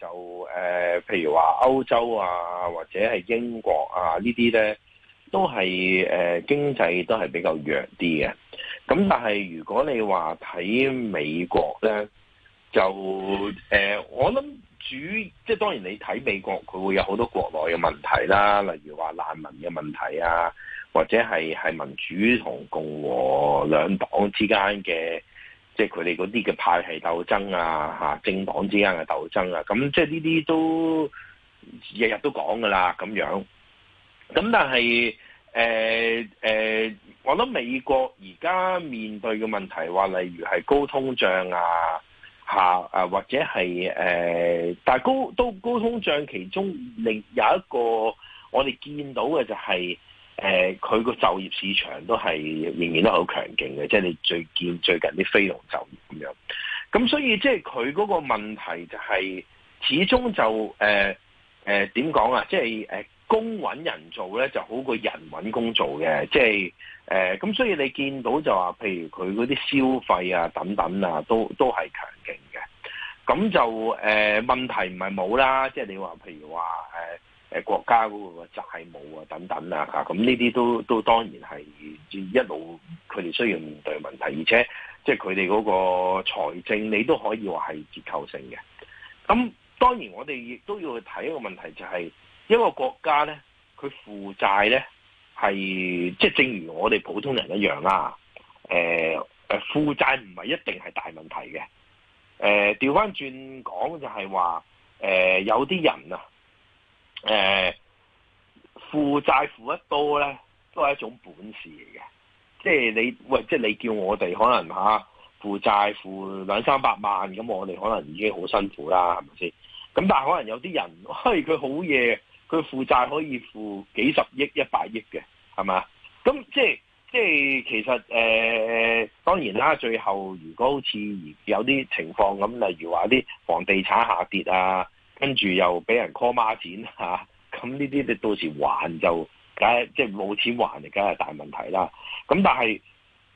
就誒、呃，譬如話歐洲啊，或者係英國啊這些呢啲咧，都係誒、呃、經濟都係比較弱啲嘅。咁但係如果你話睇美國咧，就誒、呃，我諗主即係當然你睇美國，佢會有好多國內嘅問題啦，例如話難民嘅問題啊，或者係係民主同共和兩黨之間嘅。即係佢哋嗰啲嘅派系鬥爭啊，嚇、啊、政黨之間嘅鬥爭啊，咁即係呢啲都日日都講噶啦，咁樣。咁但係誒誒，我諗美國而家面對嘅問題，話例如係高通脹啊，嚇啊，啊或者係誒、啊，但係高都高通脹其中另有一個我哋見到嘅就係、係。誒、呃，佢個就業市場都係仍然都好強勁嘅，即係你最見最近啲非農就業咁樣。咁所以即係佢嗰個問題就係，始終就誒誒點講啊？即係誒工揾人做咧就好過人揾工做嘅。即係誒咁，所以你見到就話，譬如佢嗰啲消費啊、等等啊，都都係強勁嘅。咁就誒、呃，問題唔係冇啦，即係你話譬如話誒。呃誒國家嗰個債務啊，等等啊，嚇咁呢啲都都當然係一路佢哋需要面對問題，而且即係佢哋嗰個財政，你都可以話係結構性嘅。咁當然我哋亦都要去睇一個問題，就是是，就係一個國家咧，佢負債咧係即係正如我哋普通人一樣啦、啊。誒、欸、誒負債唔係一定係大問題嘅。誒調翻轉講就係話誒有啲人啊。誒、呃，負債負得多咧，都係一種本事嚟嘅。即係你喂，即係你叫我哋可能吓負債負兩三百萬，咁我哋可能已經好辛苦啦，係咪先？咁但係可能有啲人，嘿、哎，佢好嘢，佢負債可以負幾十億、一百億嘅，係嘛？咁即係即係其實誒、呃，當然啦，最後如果好似有啲情況咁，例如話啲房地產下跌啊。跟住又俾人 call 孖錢嚇，咁呢啲你到時還就，梗係即係冇錢還，嚟，梗係大問題啦。咁但係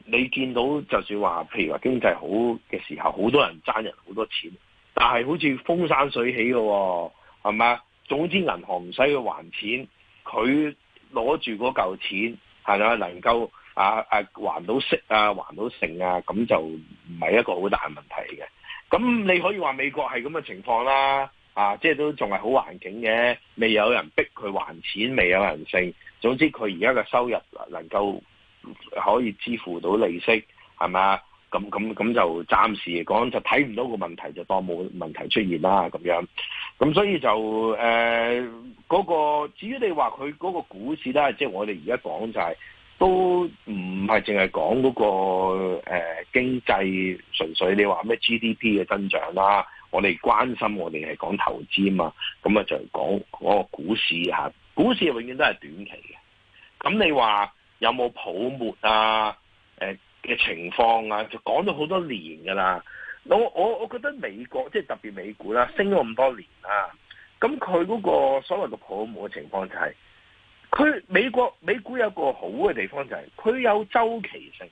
你見到，就算話譬如話經濟好嘅時候，好多人爭人好多錢，但係好似風生水起嘅，哦，係咪？總之銀行唔使要還錢，佢攞住嗰嚿錢係咪？能夠啊啊還到息啊，還到成啊，咁就唔係一個好大問題嘅。咁你可以話美國係咁嘅情況啦。啊，即係都仲係好環境嘅，未有人逼佢還錢，未有人性。總之佢而家嘅收入能夠可以支付到利息，係咪啊？咁咁咁就暫時嚟講就睇唔到個問題，就當冇問題出現啦。咁樣，咁所以就誒嗰、呃嗰個，至於你話佢嗰個股市啦，即、就、係、是、我哋而家講就係都唔係淨係講嗰個誒、呃、經濟，純粹你話咩 GDP 嘅增長啦。我哋關心我哋係講投資啊嘛，咁啊就講嗰個股市吓，股市永遠都係短期嘅。咁你話有冇泡沫啊？誒、呃、嘅情況啊，就講咗好多年噶啦。我我我覺得美國即係特別美股啦、啊，升咗咁多年啦、啊，咁佢嗰個所謂嘅泡沫嘅情況就係、是，佢美國美股有個好嘅地方就係、是，佢有周期性。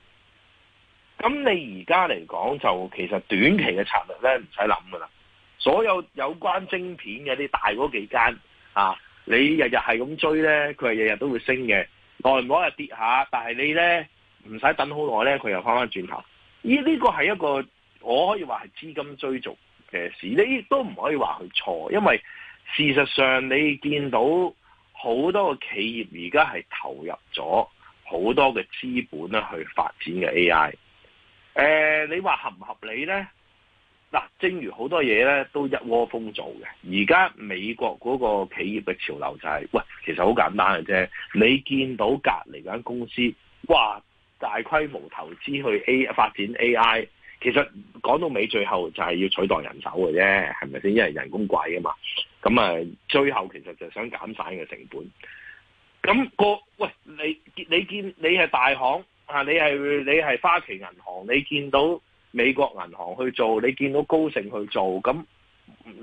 咁你而家嚟講就其實短期嘅策略咧唔使諗噶啦，所有有關晶片嘅啲大嗰幾間啊，你日日係咁追咧，佢係日日都會升嘅，耐唔耐日跌下，但係你咧唔使等好耐咧，佢又翻翻轉頭。呢個係一個我可以話係資金追逐嘅事，你亦都唔可以話佢錯，因為事實上你見到好多嘅企業而家係投入咗好多嘅資本咧去發展嘅 AI。誒、呃，你話合唔合理呢？嗱、啊，正如好多嘢呢都一窩蜂做嘅。而家美國嗰個企業嘅潮流就係、是，喂，其實好簡單嘅啫。你見到隔籬嗰間公司話大規模投資去 A 發展 A.I.，其實講到尾最後就係要取代人手嘅啫，係咪先？因為人工貴啊嘛。咁啊，最後其實就想減省嘅成本。咁、那個喂，你你見你係大行？啊！你係你係花旗銀行，你見到美國銀行去做，你見到高盛去做，咁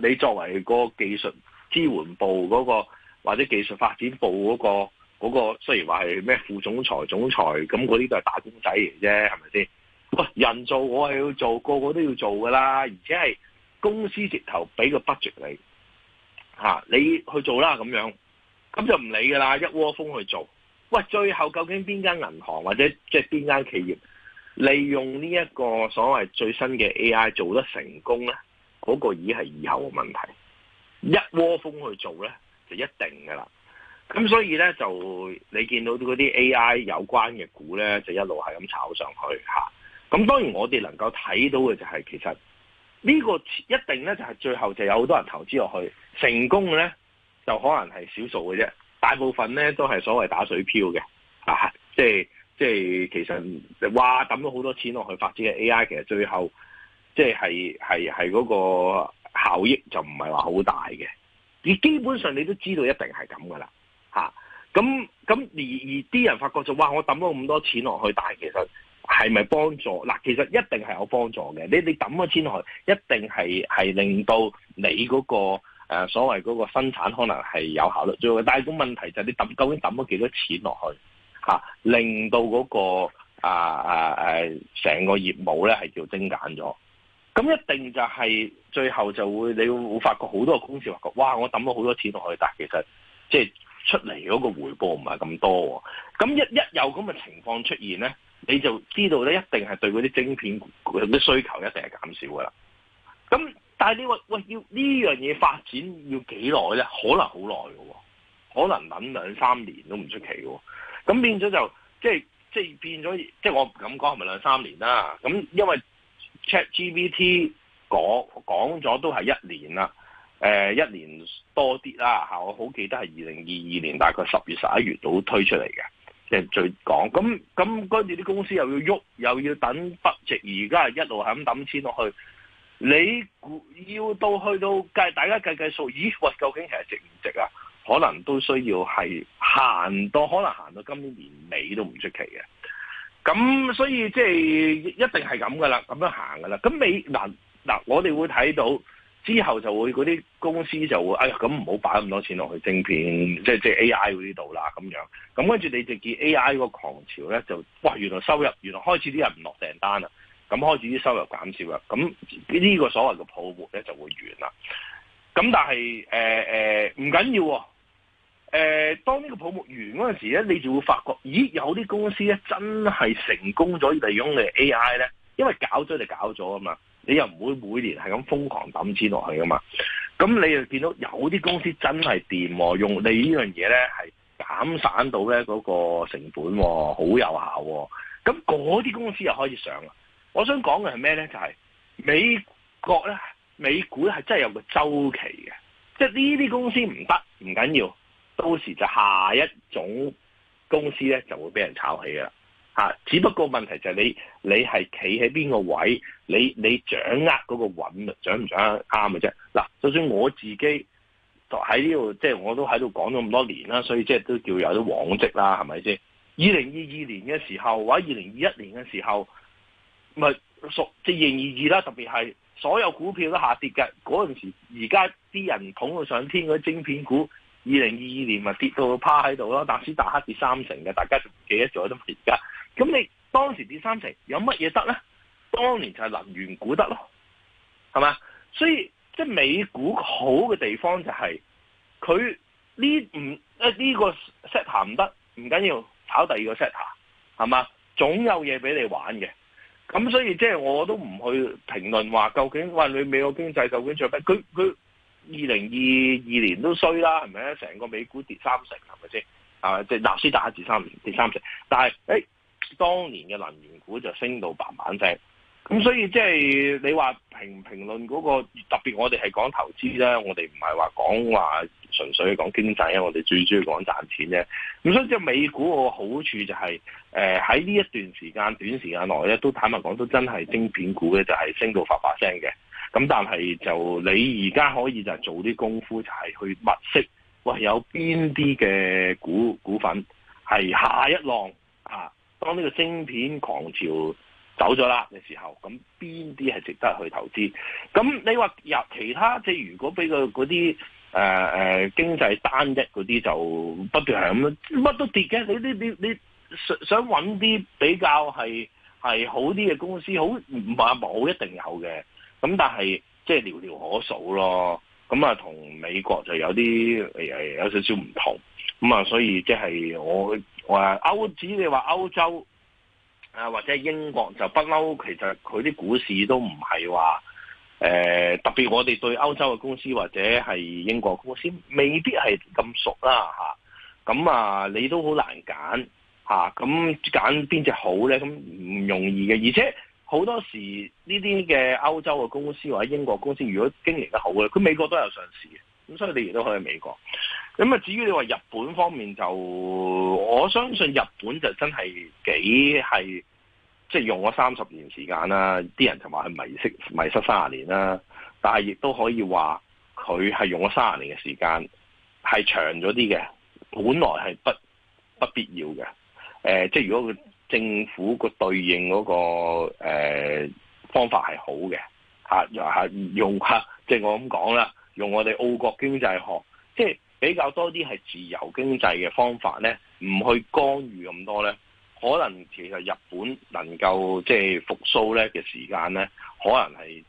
你作為個技術支援部嗰個或者技術發展部嗰個嗰個，雖然話係咩副總裁、總裁，咁嗰啲都係打工仔嚟啫，係咪先？喂，人做我係要做，個個都要做噶啦，而且係公司直頭俾個 budget 你，嚇你去做啦咁樣，咁就唔理噶啦，一窩蜂去做。喂，最後究竟邊間銀行或者即係邊間企業利用呢一個所謂最新嘅 AI 做得成功咧？嗰個已係以後嘅問題，一窩蜂去做咧就一定噶啦。咁所以咧就你見到嗰啲 AI 有關嘅股咧，就一路係咁炒上去吓。咁當然我哋能夠睇到嘅就係，其實呢個一定咧就係最後就有好多人投資落去，成功嘅咧就可能係少數嘅啫。大部分咧都係所謂打水漂嘅，啊，即係即係其實哇抌咗好多錢落去發展嘅 A.I.，其實最後即係係係嗰個效益就唔係話好大嘅。你基本上你都知道一定係咁噶啦，嚇、啊。咁咁而而啲人發覺，就哇，我抌咗咁多錢落去，但係其實係咪幫助？嗱，其實一定係有幫助嘅。你你抌咗錢落去，一定係係令到你嗰個。誒、啊、所謂嗰個生產可能係有效率啲喎，但係個問題就係你抌究竟抌咗幾多錢落去、啊、令到嗰、嗰個啊啊誒成個業務呢係叫精簡咗，咁一定就係最後就會你會發覺好多個公司發覺，嘩，我抌咗好多錢落去，但其實即係出嚟嗰個回報唔係咁多喎。咁一一有咁嘅情況出現呢，你就知道呢，一定係對嗰啲晶片嗰啲需求一定係減少噶喇。咁但係你話喂，喂要呢樣嘢發展要幾耐咧？可能好耐嘅，可能等兩三年都唔出奇嘅。咁變咗就即係即係變咗，即係我唔敢講係咪兩三年啦、啊？咁因為 ChatGPT 講講咗都係一年啦、呃，一年多啲啦嚇，我好記得係二零二二年大概十月十一月度推出嚟嘅，即係最講。咁咁跟住啲公司又要喐，又要等不值，而家係一路係咁抌錢落去。你要到去到計大家計計數，咦？喂，究竟其實值唔值啊？可能都需要係行到，可能行到今年年尾都唔出奇嘅。咁所以即係一定係咁噶啦，咁樣行噶啦。咁你嗱嗱，我哋會睇到之後就會嗰啲公司就會，哎呀，咁唔好擺咁多錢落去晶片，即係即係 A I 嗰啲度啦，咁樣。咁跟住你直接 A I 個狂潮咧，就哇！原來收入原來開始啲人唔落訂單啦。咁開始啲收入減少啦，咁呢個所謂嘅泡沫咧就會完啦。咁但、呃呃、係誒誒唔緊要，誒、呃、當呢個泡沫完嗰陣時咧，你就會發覺，咦，有啲公司咧真係成功咗利用你嘅 AI 咧，因為搞咗就搞咗啊嘛，你又唔會每年係咁瘋狂抌錢落去啊嘛。咁你又見到有啲公司真係掂、啊，用你呢樣嘢咧係減散到咧嗰個成本、啊，好有效、啊。咁嗰啲公司又開始上啦。我想講嘅係咩呢？就係、是、美國呢，美股係真係有個周期嘅，即係呢啲公司唔得唔緊要，到時就下一種公司呢就會俾人炒起㗎啦。吓、啊，只不過問題就係你你係企喺邊個位，你你掌握嗰個穩啊，掌唔掌握啱嘅啫。嗱、啊，就算我自己喺呢度，即、就、係、是、我都喺度講咗咁多年啦，所以即係都叫有啲往績啦，係咪先？二零二二年嘅時候，或者二零二一年嘅時候。咪所自然而然啦，特別係所有股票都下跌嘅嗰陣時，而家啲人捧到上天嗰啲晶片股，二零二二年咪跌到趴喺度咯，納斯達克跌三成嘅，大家記，記得咗都唔記得，咁你當時跌三成有乜嘢得咧？當年就係能源股得咯，係嘛？所以即係美股好嘅地方就係啊這個、係係佢呢唔呢個 set 下唔得，唔緊要炒第二個 set 下，係嘛？總有嘢俾你玩嘅。咁所以即係我都唔去評論話究竟喂、哎、你美國經濟究竟最乜？佢佢二零二二年都衰啦，係咪？成個美股跌三成，係咪先？係即係納斯達克跌三跌三成。但係誒、哎、當年嘅能源股就升到嘭嘭聲。咁所以即係你話評評論嗰、嗰個特別，我哋係講投資啦，我哋唔係話講話。純粹講經濟，因為我哋最中意講賺錢啫。咁所以即係美股個好處就係，誒喺呢一段時間、短時間內咧，都坦白講都真係晶片股咧，就係升到發發聲嘅。咁但係就你而家可以就係做啲功夫，就係去物色，喂，有邊啲嘅股股份係下一浪啊？當呢個晶片狂潮走咗啦嘅時候，咁邊啲係值得去投資？咁你話入其他，即係如果俾佢嗰啲。誒、啊、誒、啊，經濟單一嗰啲就不斷係咁樣，乜都跌嘅。你呢啲你，你，你想想揾啲比較係係好啲嘅公司，好唔話冇一定有嘅。咁但係即係寥寥可數咯。咁啊，同美國就有啲有少少唔同。咁啊，所以即係我話歐指，你話歐洲啊或者英國就不嬲，其實佢啲股市都唔係話。誒、呃、特別我哋對歐洲嘅公司或者係英國公司未必係咁熟啦咁啊，啊你都好難揀啊，啊選好難揀嚇，咁揀邊隻好咧？咁唔容易嘅，而且好多時呢啲嘅歐洲嘅公司或者英國公司，如果經營得好嘅，佢美國都有上市嘅，咁所以你亦都可以喺美國。咁啊，至於你話日本方面就，我相信日本就真係幾係。是即係用咗三十年時間啦，啲人就話佢迷失迷失三十年啦，但係亦都可以話佢係用咗三十年嘅時間係長咗啲嘅，本來係不不必要嘅。誒，即係如果政府個對應嗰個誒方法係好嘅，嚇又係用嚇，即係我咁講啦，用我哋澳國經濟學，即係比較多啲係自由經濟嘅方法咧，唔去干預咁多咧。可能其實日本能夠即係復甦咧嘅時間咧，可能係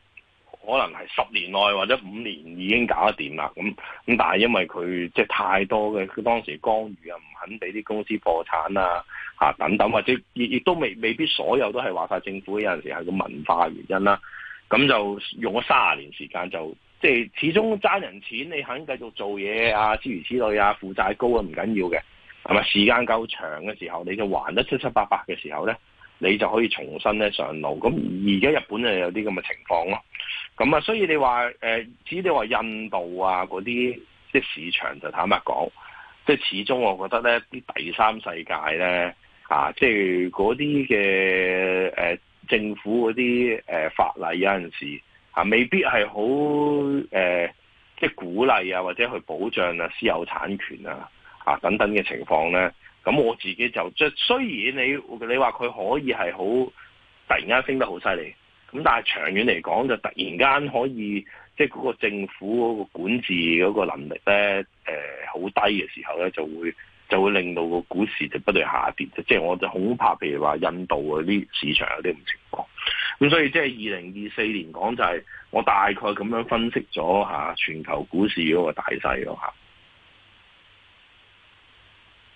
可能係十年內或者五年已經搞得掂啦。咁咁，但係因為佢即係太多嘅，佢當時干預啊，唔肯俾啲公司破產啊，等等，或者亦亦都未未必所有都係話曬政府，有陣時係個文化原因啦、啊。咁就用咗三十年時間就，就即、是、係始終爭人錢，你肯繼續做嘢啊？諸如此類啊，負債高啊唔緊要嘅。係咪時間夠長嘅時候，你就還得七七八八嘅時候咧，你就可以重新咧上路。咁而家日本就有啲咁嘅情況咯。咁啊，所以你話誒，至於你話印度啊嗰啲即係市場，就坦白講，即係始終我覺得咧，啲第三世界咧啊，即係嗰啲嘅誒政府嗰啲誒法例有陣時啊，未必係好誒，即係鼓勵啊，或者去保障啊私有產權啊。啊，等等嘅情況咧，咁我自己就即係雖然你你話佢可以係好突然間升得好犀利，咁但係長遠嚟講就突然間可以即係嗰個政府嗰個管治嗰個能力咧，誒、呃、好低嘅時候咧，就會就會令到個股市就不斷下跌，即係、就是、我就恐怕譬如話印度嗰啲市場有啲咁情況，咁所以即係二零二四年講就係、是、我大概咁樣分析咗下、啊、全球股市嗰個大勢咯嚇。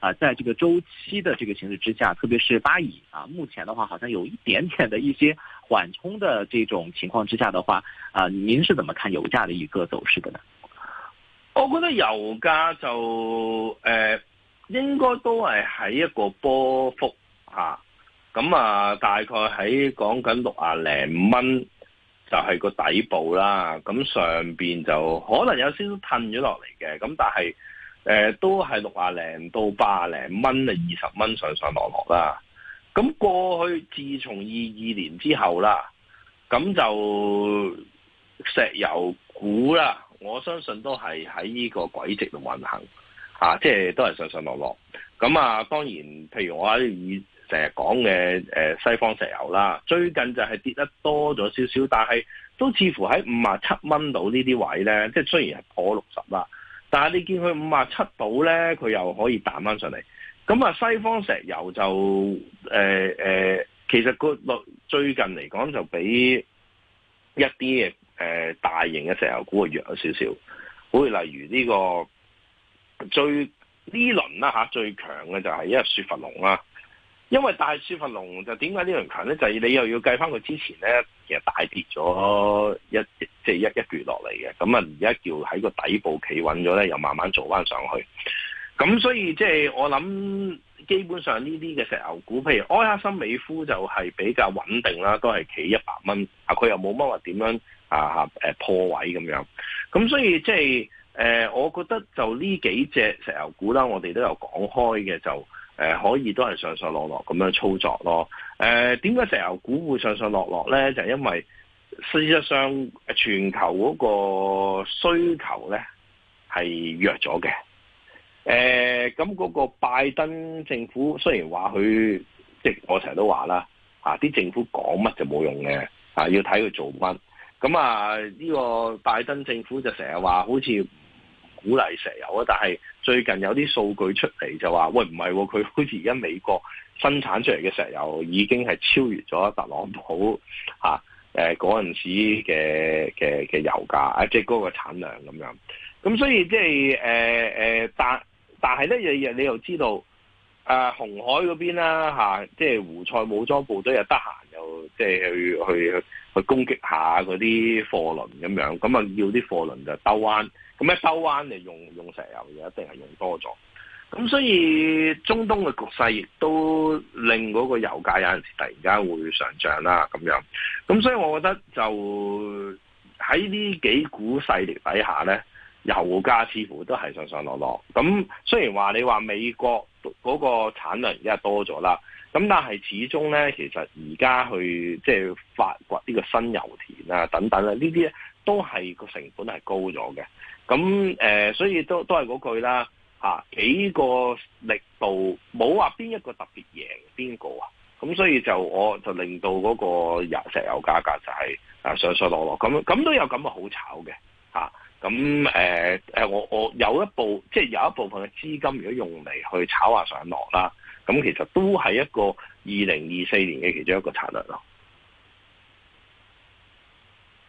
啊，在這個周期的這個形勢之下，特別是巴以啊，目前的話好像有一點點的一些緩衝的這種情況之下的話，啊，您是怎麼看油價的一個走勢的呢？我覺得油價就誒、呃，應該都係喺一個波幅啊咁、嗯、啊，大概喺講緊六啊零蚊就係個底部啦，咁、嗯、上邊就可能有少少褪咗落嚟嘅，咁、嗯、但係。誒，都係六啊零到八啊零蚊啊，二十蚊上上落落啦。咁過去自從二二年之後啦，咁就石油股啦，我相信都係喺呢個軌跡度運行啊，即係都係上上落落。咁啊，當然，譬如我以成日講嘅誒西方石油啦，最近就係跌得多咗少少，但係都似乎喺五啊七蚊到呢啲位咧，即係雖然係破六十啦。但你見佢五啊七度咧，佢又可以彈翻上嚟。咁啊，西方石油就、呃呃、其實最近嚟講就比一啲嘅、呃、大型嘅石油股啊弱咗少少。好例如呢個最呢輪啦、啊、最強嘅就係因為雪佛龍啦、啊。因為大雪佛龍就點解呢輪強咧？就係、你又要計翻佢之前咧，其實大跌咗一即係一一段落嚟嘅。咁啊，而家叫喺個底部企穩咗咧，又慢慢做翻上去。咁所以即係、就是、我諗，基本上呢啲嘅石油股，譬如埃克森美孚就係比較穩定啦，都係企一百蚊。嗱，佢又冇乜話點樣啊誒、啊啊、破位咁樣。咁所以即係誒，我覺得就呢幾隻石油股啦，我哋都有講開嘅就。誒，可以都係上上落落咁樣操作咯。誒，點解石油股會上上落落咧？就係因為事實上全球嗰個需求咧係弱咗嘅。誒，咁嗰個拜登政府雖然話佢，即我成日都話啦，啊，啲政府講乜就冇用嘅，啊，要睇佢做乜。咁啊，呢個拜登政府就成日話好似鼓勵石油啊，但係。最近有啲數據出嚟就話，喂唔係喎，佢、哦、好似而家美國生產出嚟嘅石油已經係超越咗特朗普嚇，誒嗰陣時嘅嘅嘅油價，即係嗰個產量咁樣。咁所以即係誒誒，但但係咧，日日你又知道，誒、呃、紅海嗰邊啦嚇，即、啊、係、就是、胡塞武裝部隊有又得閒又即係去去去攻擊一下嗰啲貨輪咁樣，咁啊要啲貨輪就兜彎。咁一收彎嚟用用石油，又一定係用多咗。咁所以，中東嘅局勢亦都令嗰個油價有陣時突然間會上漲啦。咁樣，咁所以，我覺得就喺呢幾股勢力底下咧，油價似乎都係上上落落。咁雖然話你話美國嗰個產量而家多咗啦，咁但係始終咧，其實而家去即係發掘呢個新油田啊，等等啊，呢啲咧都係個成本係高咗嘅。咁誒、呃，所以都都係嗰句啦，嚇、啊、幾個力度冇話邊一個特別贏邊個啊。咁所以就我就令到嗰個油石油價格就係、是、啊上上落落咁，咁都有咁嘅好炒嘅嚇。咁、啊、誒、啊、我我有一部即係、就是、有一部分嘅資金，如果用嚟去炒下上落啦，咁其實都係一個二零二四年嘅其中一個策略咯。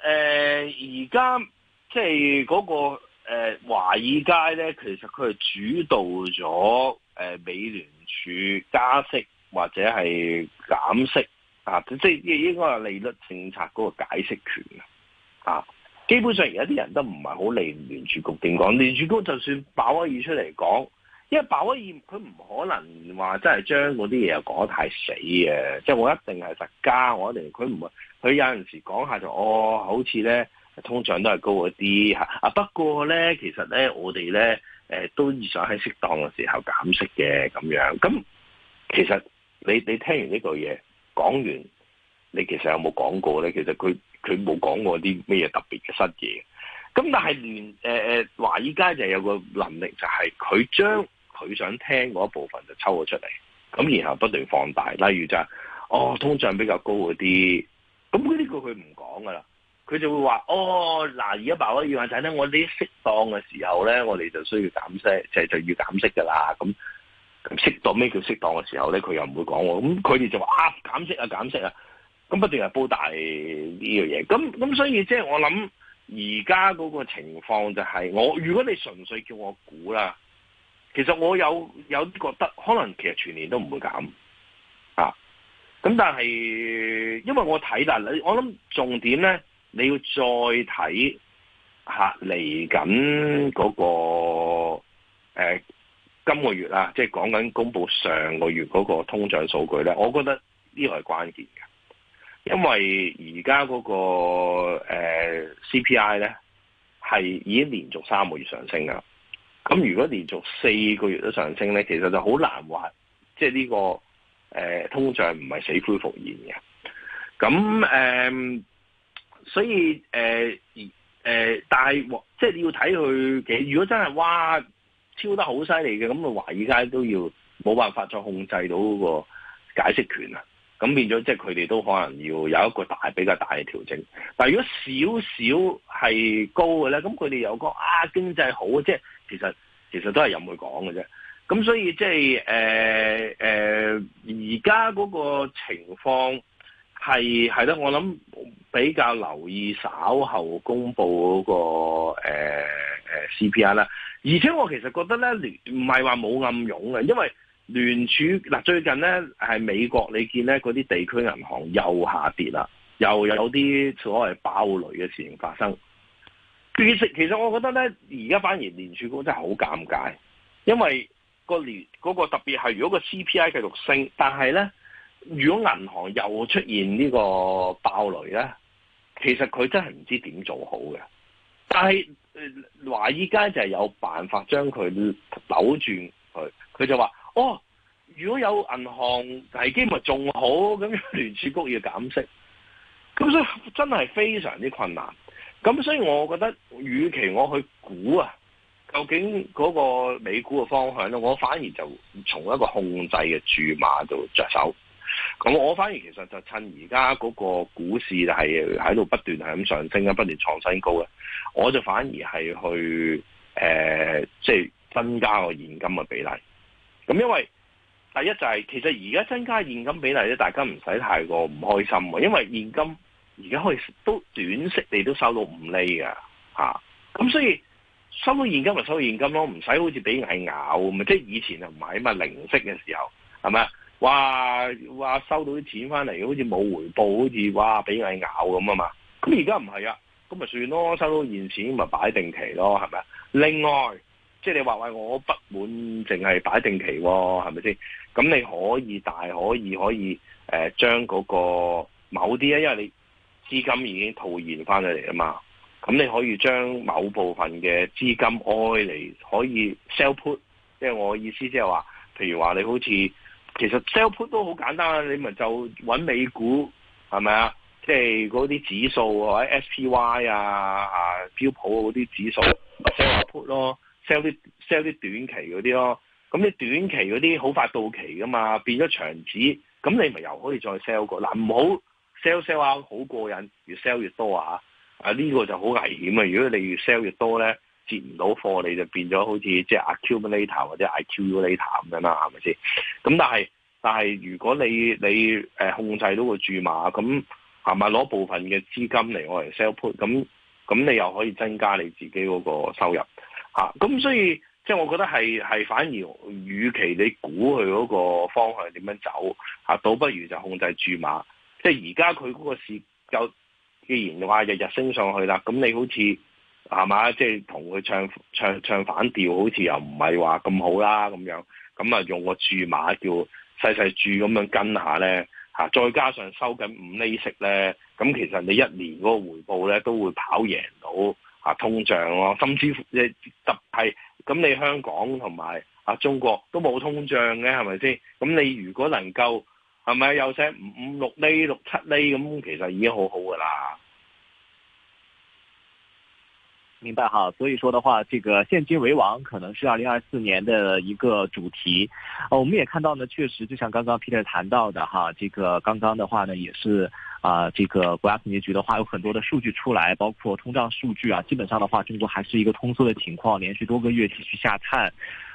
誒、呃，而家即係嗰、嗰個誒華爾街咧，其實佢係主導咗誒、呃、美聯儲加息或者係減息啊，即係應該係利率政策嗰個解釋權啊。基本上而家啲人都唔係好理聯儲局點講，聯儲局就算鮑威爾出嚟講。因為鮑威爾佢唔可能話真係將嗰啲嘢又講得太死嘅，即係我一定係實加，我一定佢唔佢有陣時講下就哦，好似咧，通脹都係高一啲嚇啊！不過咧，其實咧我哋咧誒都意想喺適當嘅時候減息嘅咁樣。咁其實你你聽完呢句嘢講完，你其實有冇講過咧？其實佢佢冇講過啲咩特別嘅新嘢。咁但係聯誒誒華爾街就有個能力就係佢將佢想聽嗰一部分就抽咗出嚟，咁然後不斷放大。例如就係哦，通脹比較高嗰啲，咁嗰啲佢佢唔講噶啦，佢就會話哦，嗱，而家爆嗰啲意外債咧，我啲適當嘅時候咧，我哋就需要減息，就係、就要減息噶啦。咁咁適當咩叫適當嘅時候咧？佢又唔會講喎。咁佢哋就話、啊、減息啊，減息啊，咁不斷又煲大呢樣嘢。咁咁所以即係我諗而家嗰個情況就係、是、我，如果你純粹叫我估啦。其實我有有啲覺得，可能其實全年都唔會減啊。咁但係，因為我睇但係我諗重點咧，你要再睇下嚟緊嗰個誒、呃、今個月啦，即係講緊公布上個月嗰個通脹數據咧。我覺得呢個係關鍵嘅，因為而家嗰個誒、呃、CPI 咧係已經連續三個月上升噶啦。咁如果連續四個月都上升咧，其實就好難話，即係呢個誒、呃、通脹唔係死灰復燃嘅。咁誒、嗯，所以誒誒、呃呃，但係即係你要睇佢幾，如果真係哇超得好犀利嘅，咁啊，華爾街都要冇辦法再控制到個解釋權啊。咁變咗即係佢哋都可能要有一個大比較大嘅調整。但係如果少少係高嘅咧，咁佢哋有個經濟好，即係其實其實都係任佢講嘅啫。咁所以即係誒誒，而家嗰個情況係係啦，我諗比較留意稍後公布嗰，那個誒誒、呃、CPI 啦。而且我其實覺得咧唔係話冇暗湧嘅，因為聯儲嗱最近咧係美國，你見咧嗰啲地區銀行又下跌啦，又有啲所謂爆雷嘅事情發生。其實，我覺得咧，而家反而聯儲局真係好尷尬，因為個聯嗰個特別係如果個 CPI 繼續升，但係咧，如果銀行又出現呢個爆雷咧，其實佢真係唔知點做好嘅。但係呃，華爾街就係有辦法將佢扭轉佢，佢就話哦，如果有銀行危機咪仲好，咁聯儲局要減息，咁所以真係非常之困難。咁所以，我覺得，與其我去估啊，究竟嗰個美股嘅方向咧，我反而就從一個控制嘅注碼度着手。咁我反而其實就趁而家嗰個股市係喺度不斷係咁上升啊，不斷創新高咧，我就反而係去誒，即係增加個現金嘅比例。咁因為第一就係其實而家增加現金比例咧，大家唔使太過唔開心喎，因為現金。而家可以都短息，你都收到五厘嘅吓，咁、啊、所以收到現金咪收到現金咯，唔使好似俾蟻咬咁，即係以前就唔係嘛零息嘅時候，係咪啊？哇！話收到啲錢翻嚟好似冇回報，好似哇俾蟻咬咁啊嘛，咁而家唔係啊，咁咪算咯，收到現錢咪擺定期咯，係咪？另外，即係你話話我不滿淨係擺定期喎，係咪先？咁你可以，大可以可以誒、呃、將嗰、那個某啲啊，因為你。資金已經套現翻咗嚟啊嘛，咁你可以將某部分嘅資金開嚟，可以 sell put，即係、就是、我意思即係話，譬如話你好似其實 sell put 都好簡單，你咪就揾美股係咪啊？即係嗰啲指數，或者 SPY 啊啊標普嗰啲指數 sell put 咯，sell 啲 sell 啲短期嗰啲咯，咁你短期嗰啲好快到期噶嘛，變咗長指，咁你咪又可以再 sell 過嗱唔好。啊不要 sell sell 啊，好過癮，越 sell 越多啊！啊呢、這個就好危險啊！如果你越 sell 越多咧，接唔到貨，你就變咗好似即係 Accumulator 或者 Accumulator 咁樣啦，係咪先？咁但係但係如果你你誒控制到個注碼，咁係咪攞部分嘅資金嚟我嚟 sell put？咁咁你又可以增加你自己嗰個收入嚇。咁、啊、所以即係我覺得係係反而，與其你估佢嗰個方向點樣走嚇、啊，倒不如就控制注碼。即係而家佢嗰個市就既然話日日升上去啦，咁你好似係嘛？即係同佢唱唱唱反調，好似又唔係話咁好啦咁樣。咁啊，用個注碼叫細細注咁樣跟下咧，吓，再加上收緊五厘息咧，咁其實你一年嗰個回報咧都會跑贏到、啊、通脹咯。甚至乎即係係咁，你香港同埋啊中國都冇通脹嘅係咪先？咁你如果能夠，係咪有成五五六厘六七厘咁？其實已經好好噶啦，明白哈，所以說的話，這個現金為王可能是二零二四年的一個主題。呃、啊，我們也看到呢，確實，就像剛剛 Peter 談到的哈，這個剛剛的話呢，也是啊、呃，這個國家統計局的話，有很多的數據出來，包括通脹數據啊，基本上的話，中國還是一個通縮的情況，連續多個月繼續下探。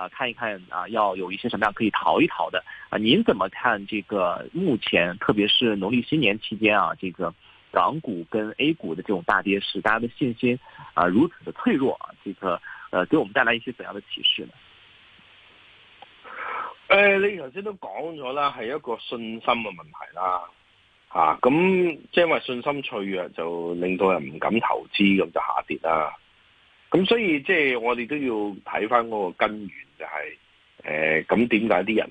啊，看一看啊，要有一些什麼樣可以淘一淘的啊。您怎麼看這個目前，特別是農曆新年期間啊，這個港股跟 A 股的這種大跌市，大家的信心啊如此的脆弱啊，這個呃、啊、給我們帶來一些怎樣的啟示呢？誒、呃，你頭先都講咗啦，係一個信心嘅問題啦，吓、啊，咁即係因為信心脆弱，就令到人唔敢投資，咁就下跌啦。咁所以即係、即係、我哋都要睇翻嗰個根源，即係呃點解呃，就係誒咁點解啲人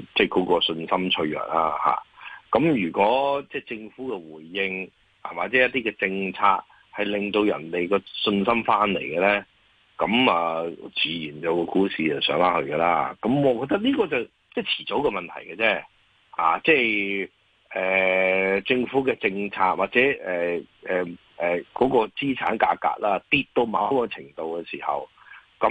誒即係個信心脆弱啦、啊、吓，咁、啊、如果即係、即係、政府嘅回應啊或者一啲嘅政策係令到人哋個信心翻嚟嘅咧，咁啊自然就個股市就上翻去噶啦。咁我覺得呢個就即係遲早嘅問題嘅啫，啊即係。即係誒、呃、政府嘅政策或者誒誒誒嗰個資產價格啦、啊，跌到某個程度嘅時候，咁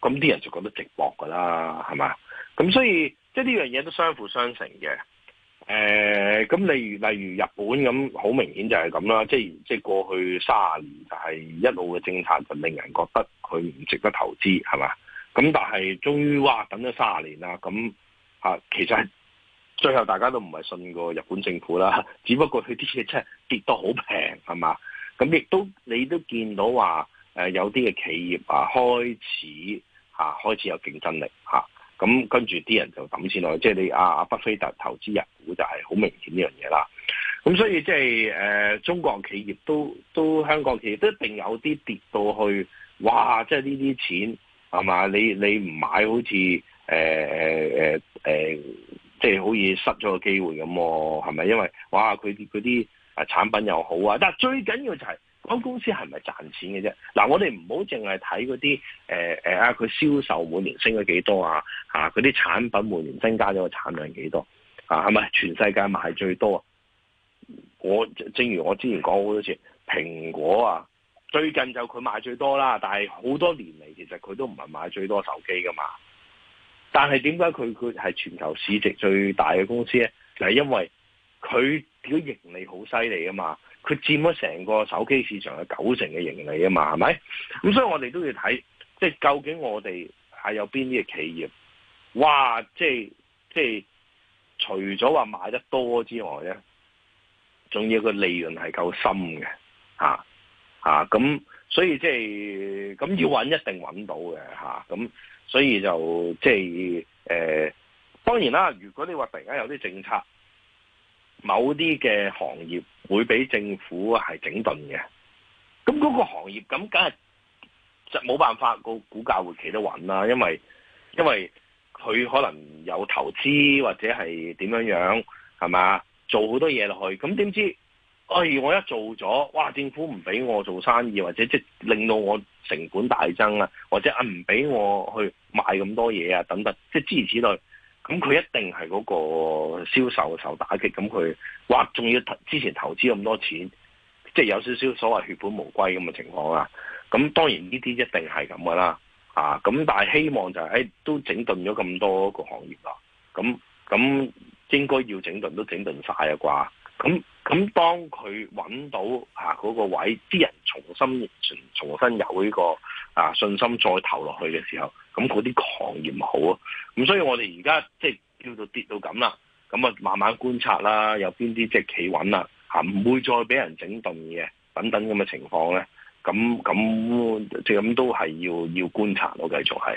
咁啲人就覺得寂寞㗎啦，係嘛？咁所以即係呢樣嘢都相輔相成嘅。誒、呃、咁例如例如日本咁，好明顯就係咁啦，即係即係過去三十年就係一路嘅政策就令人覺得佢唔值得投資，係嘛？咁但係終於哇，等咗三十年啦，咁啊，其實～最後大家都唔係信過日本政府啦，只不過佢啲嘢真係跌到好平，係嘛？咁亦都你都見到話誒、呃、有啲嘅企業啊開始嚇、啊、開始有競爭力嚇，咁跟住啲人就抌錢落去，即、就、係、是、你阿阿巴菲特投資日股就係好明顯呢樣嘢啦。咁所以即係誒中國企業都都香港企業都一定有啲跌到去，哇！即係呢啲錢係嘛？你你唔買好似誒誒誒誒？呃呃呃呃即係好似失咗個機會咁，係咪因為哇佢哋啲啊產品又好是是是啊？但係最緊要就係嗰公司係咪係賺錢嘅啫？嗱、呃，我哋唔好淨係睇嗰啲誒誒啊，佢銷售每年升咗幾多啊？嚇、啊，嗰啲產品每年增加咗個產量幾多啊？係咪全世界賣最多啊？我正如我之前講好多次，蘋果啊，最近就佢賣最多啦，但係好多年嚟其實佢都唔係賣最多手機㗎嘛。但係點解佢佢係全球市值最大嘅公司咧就係因為佢個盈利好犀利啊嘛！佢佔咗成個手機市場嘅九成嘅盈利啊嘛，係咪？咁所以我哋都要睇，即係究竟我哋係有邊啲嘅企業，哇！即係即係除咗話買得多之外咧仲要個利潤係夠深嘅，吓吓咁，所以即係咁要揾一定揾到嘅吓咁。啊所以就即係誒，當然啦。如果你話突然間有啲政策，某啲嘅行業會俾政府係整頓嘅，咁嗰個行業咁梗係就冇辦法，嗰個股價會企得穩啦。因為因為佢可能有投資或者係點樣樣，係嘛，做好多嘢落去，咁點知哎！我一做咗，哇！政府唔俾我做生意，或者即令到我成本大增啦，或者啊唔俾我去賣咁多嘢啊，等等，即係諸如此類，咁佢一定係嗰個銷售受打擊，咁佢哇仲要之前投資咁多錢，即有少少所謂血本無歸咁嘅情況啊！咁當然呢啲一定係咁噶啦，啊！咁但係希望就係、是，哎都整頓咗咁多個行業啦，咁咁應該要整頓都整頓晒啊啩。咁咁，當佢揾到啊嗰、嗰個位，啲人重新重重新有呢個啊信心，再投落去嘅時候，咁嗰啲狂熱咪好囉。咁所以我哋而家即係叫做跌到咁啦，咁啊慢慢觀察啦，有邊啲即係企穩啦，吓唔、啊、會再俾人整頓嘅，等等咁嘅情況咧。咁咁即係咁都係要要觀察咯，繼續係。